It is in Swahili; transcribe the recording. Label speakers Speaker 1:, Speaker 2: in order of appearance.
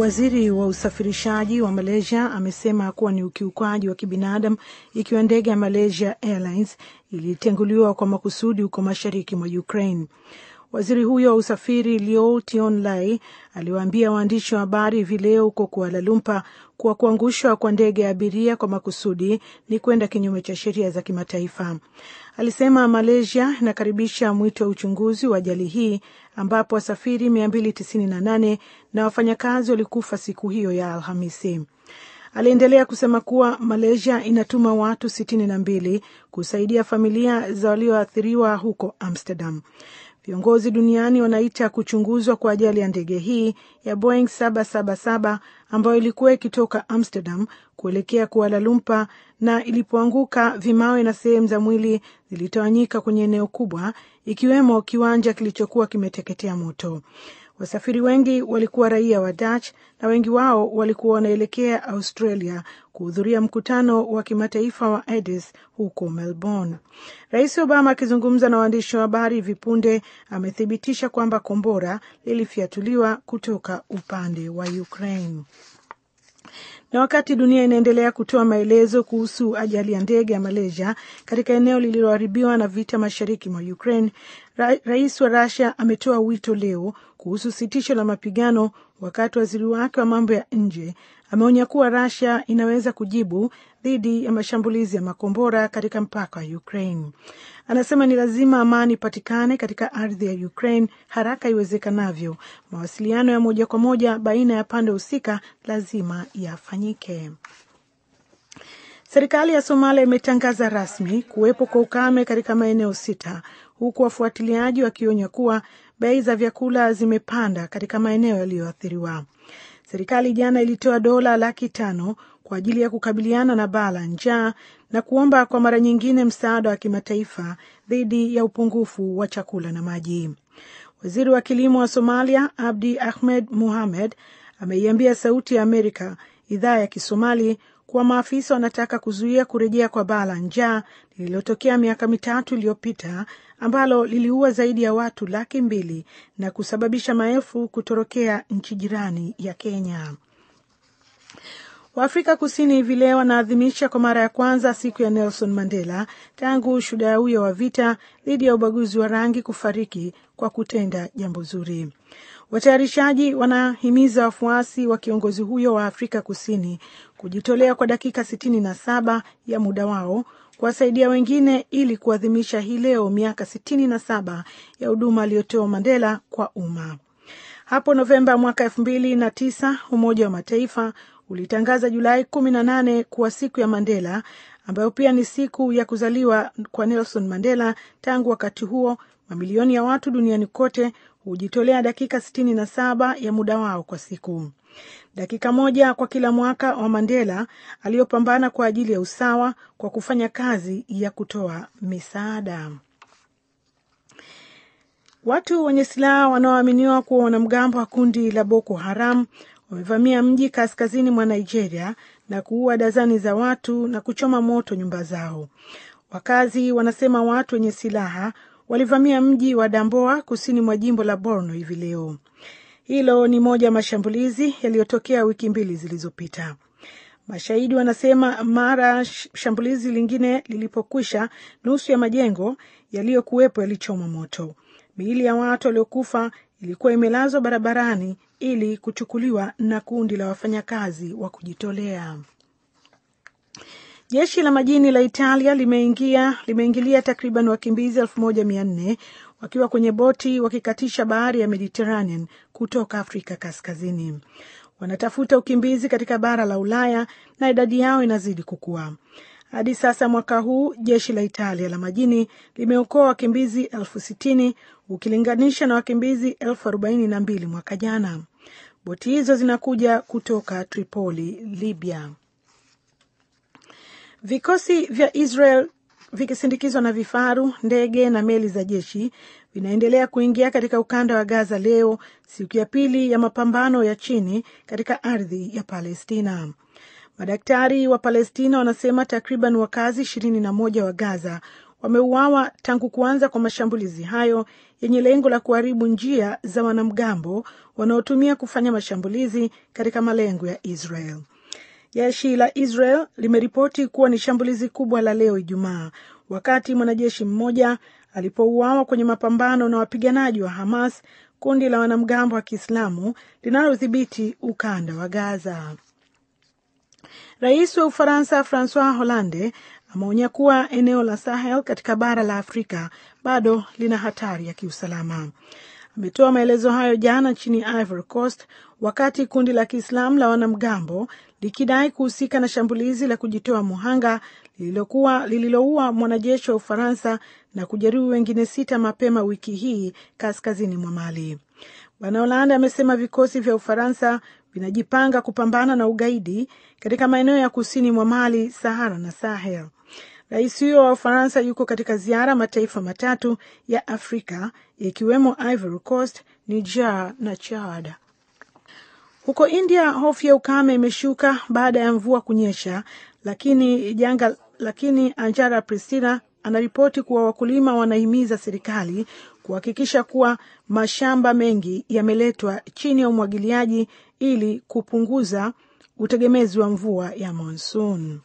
Speaker 1: Waziri wa usafirishaji wa Malaysia amesema kuwa ni ukiukaji wa kibinadamu ikiwa ndege ya Malaysia Airlines ilitenguliwa kwa makusudi huko mashariki mwa Ukraine. Waziri huyo wa usafiri Liow Tion Lai aliwaambia waandishi wa habari hivi leo huko Kuala Lumpur kuwa kuangushwa kwa ndege ya abiria kwa makusudi ni kwenda kinyume cha sheria za kimataifa. Alisema Malaysia inakaribisha mwito wa uchunguzi wa ajali hii ambapo wasafiri 298 na wafanyakazi walikufa siku hiyo ya Alhamisi. Aliendelea kusema kuwa Malaysia inatuma watu sitini na mbili kusaidia familia za walioathiriwa huko Amsterdam. Viongozi duniani wanaita kuchunguzwa kwa ajali ya ndege hii ya Boeing 777 ambayo ilikuwa ikitoka Amsterdam kuelekea Kuala Lumpur na ilipoanguka, vimawe na sehemu za mwili zilitawanyika kwenye eneo kubwa, ikiwemo kiwanja kilichokuwa kimeteketea moto. Wasafiri wengi walikuwa raia wa Dutch na wengi wao walikuwa wanaelekea Australia kuhudhuria mkutano wa kimataifa wa Edis huko Melbourne. Rais Obama akizungumza na waandishi wa habari hivi punde amethibitisha kwamba kombora lilifyatuliwa kutoka upande wa Ukraine. Na wakati dunia inaendelea kutoa maelezo kuhusu ajali ya ndege ya Malaysia katika eneo lililoharibiwa na vita mashariki mwa Ukraine, ra rais wa Russia ametoa wito leo kuhusu sitisho la mapigano, wakati waziri wake wa mambo ya nje ameonya kuwa rasia inaweza kujibu dhidi ya mashambulizi ya makombora katika mpaka wa Ukraine. Anasema ni lazima amani ipatikane katika ardhi ya Ukraine haraka iwezekanavyo. Mawasiliano ya moja kwa moja baina ya pande husika lazima yafanyike. Serikali ya Somalia imetangaza rasmi kuwepo kwa ukame katika maeneo sita huku wafuatiliaji wakionya kuwa bei za vyakula zimepanda katika maeneo yaliyoathiriwa. Serikali jana ilitoa dola laki tano kwa ajili ya kukabiliana na baa la njaa na kuomba kwa mara nyingine msaada wa kimataifa dhidi ya upungufu wa chakula na maji. Waziri wa kilimo wa Somalia Abdi Ahmed muhamed ameiambia Sauti ya Amerika idhaa ya Kisomali kuwa maafisa wanataka kuzuia kurejea kwa baa la njaa lililotokea miaka mitatu iliyopita ambalo liliua zaidi ya watu laki mbili na kusababisha maelfu kutorokea nchi jirani ya Kenya. Waafrika Kusini hivi leo wanaadhimisha kwa mara ya kwanza siku ya Nelson Mandela tangu shujaa huyo wa vita dhidi ya ubaguzi wa rangi kufariki kwa kutenda jambo zuri. Watayarishaji wanahimiza wafuasi wa kiongozi huyo wa Afrika Kusini kujitolea kwa dakika sitini na saba ya muda wao kuwasaidia wengine ili kuadhimisha hii leo miaka sitini na saba ya huduma aliyotoa Mandela kwa umma. Hapo Novemba mwaka elfu mbili na tisa Umoja wa Mataifa ulitangaza Julai 18 kuwa siku ya Mandela, ambayo pia ni siku ya kuzaliwa kwa Nelson Mandela. Tangu wakati huo, mamilioni ya watu duniani kote hujitolea dakika 67 ya muda wao kwa siku, dakika moja kwa kila mwaka wa Mandela aliyopambana kwa ajili ya usawa kwa kufanya kazi ya kutoa misaada. Watu wenye silaha wanaoaminiwa kuwa wanamgambo wa kundi la Boko Haram wamevamia mji kaskazini mwa Nigeria na kuua dazani za watu na kuchoma moto nyumba zao. Wakazi wanasema watu wenye silaha walivamia mji wa Damboa kusini mwa jimbo la Borno hivi leo. Hilo ni moja ya mashambulizi yaliyotokea wiki mbili zilizopita. Mashahidi wanasema mara shambulizi lingine lilipokwisha, nusu ya majengo yaliyokuwepo yalichomwa moto. Miili ya watu waliokufa ilikuwa imelazwa barabarani ili kuchukuliwa na kundi la wafanyakazi wa kujitolea. Jeshi la majini la Italia limeingia limeingilia takriban wakimbizi elfu moja mia nne wakiwa kwenye boti wakikatisha bahari ya Mediterranean kutoka Afrika Kaskazini. Wanatafuta ukimbizi katika bara la Ulaya na idadi yao inazidi kukua. Hadi sasa mwaka huu jeshi la Italia la majini limeokoa wakimbizi elfu sitini ukilinganisha na wakimbizi elfu arobaini na mbili mwaka jana. Boti hizo zinakuja kutoka Tripoli, Libya. Vikosi vya Israel vikisindikizwa na vifaru, ndege na meli za jeshi vinaendelea kuingia katika ukanda wa Gaza leo, siku ya pili ya mapambano ya chini katika ardhi ya Palestina. Madaktari wa Palestina wanasema takriban wakazi ishirini na moja wa Gaza wameuawa tangu kuanza kwa mashambulizi hayo yenye lengo la kuharibu njia za wanamgambo wanaotumia kufanya mashambulizi katika malengo ya Israel. Jeshi la Israel limeripoti kuwa ni shambulizi kubwa la leo Ijumaa, wakati mwanajeshi mmoja alipouawa kwenye mapambano na wapiganaji wa Hamas, kundi la wanamgambo wa Kiislamu linalodhibiti ukanda wa Gaza. Rais wa Ufaransa Francois Hollande ameonya kuwa eneo la Sahel katika bara la Afrika bado lina hatari ya kiusalama. Ametoa maelezo hayo jana nchini Ivory Coast wakati kundi la Kiislamu la wanamgambo likidai kuhusika na shambulizi la kujitoa muhanga lililokuwa lililoua mwanajeshi wa Ufaransa na kujeruhi wengine sita mapema wiki hii kaskazini mwa Mali. Bwana Hollande amesema vikosi vya Ufaransa vinajipanga kupambana na ugaidi katika maeneo ya kusini mwa Mali, Sahara na Sahel. Rais huyo wa Ufaransa yuko katika ziara mataifa matatu ya Afrika ikiwemo Ivory Coast, Niger na Chad. Huko India, hofu ya ukame imeshuka baada ya mvua kunyesha, lakini janga lakini Anjara Pristina anaripoti kuwa wakulima wanahimiza serikali kuhakikisha kuwa mashamba mengi yameletwa chini ya umwagiliaji ili kupunguza utegemezi wa mvua ya monsoon.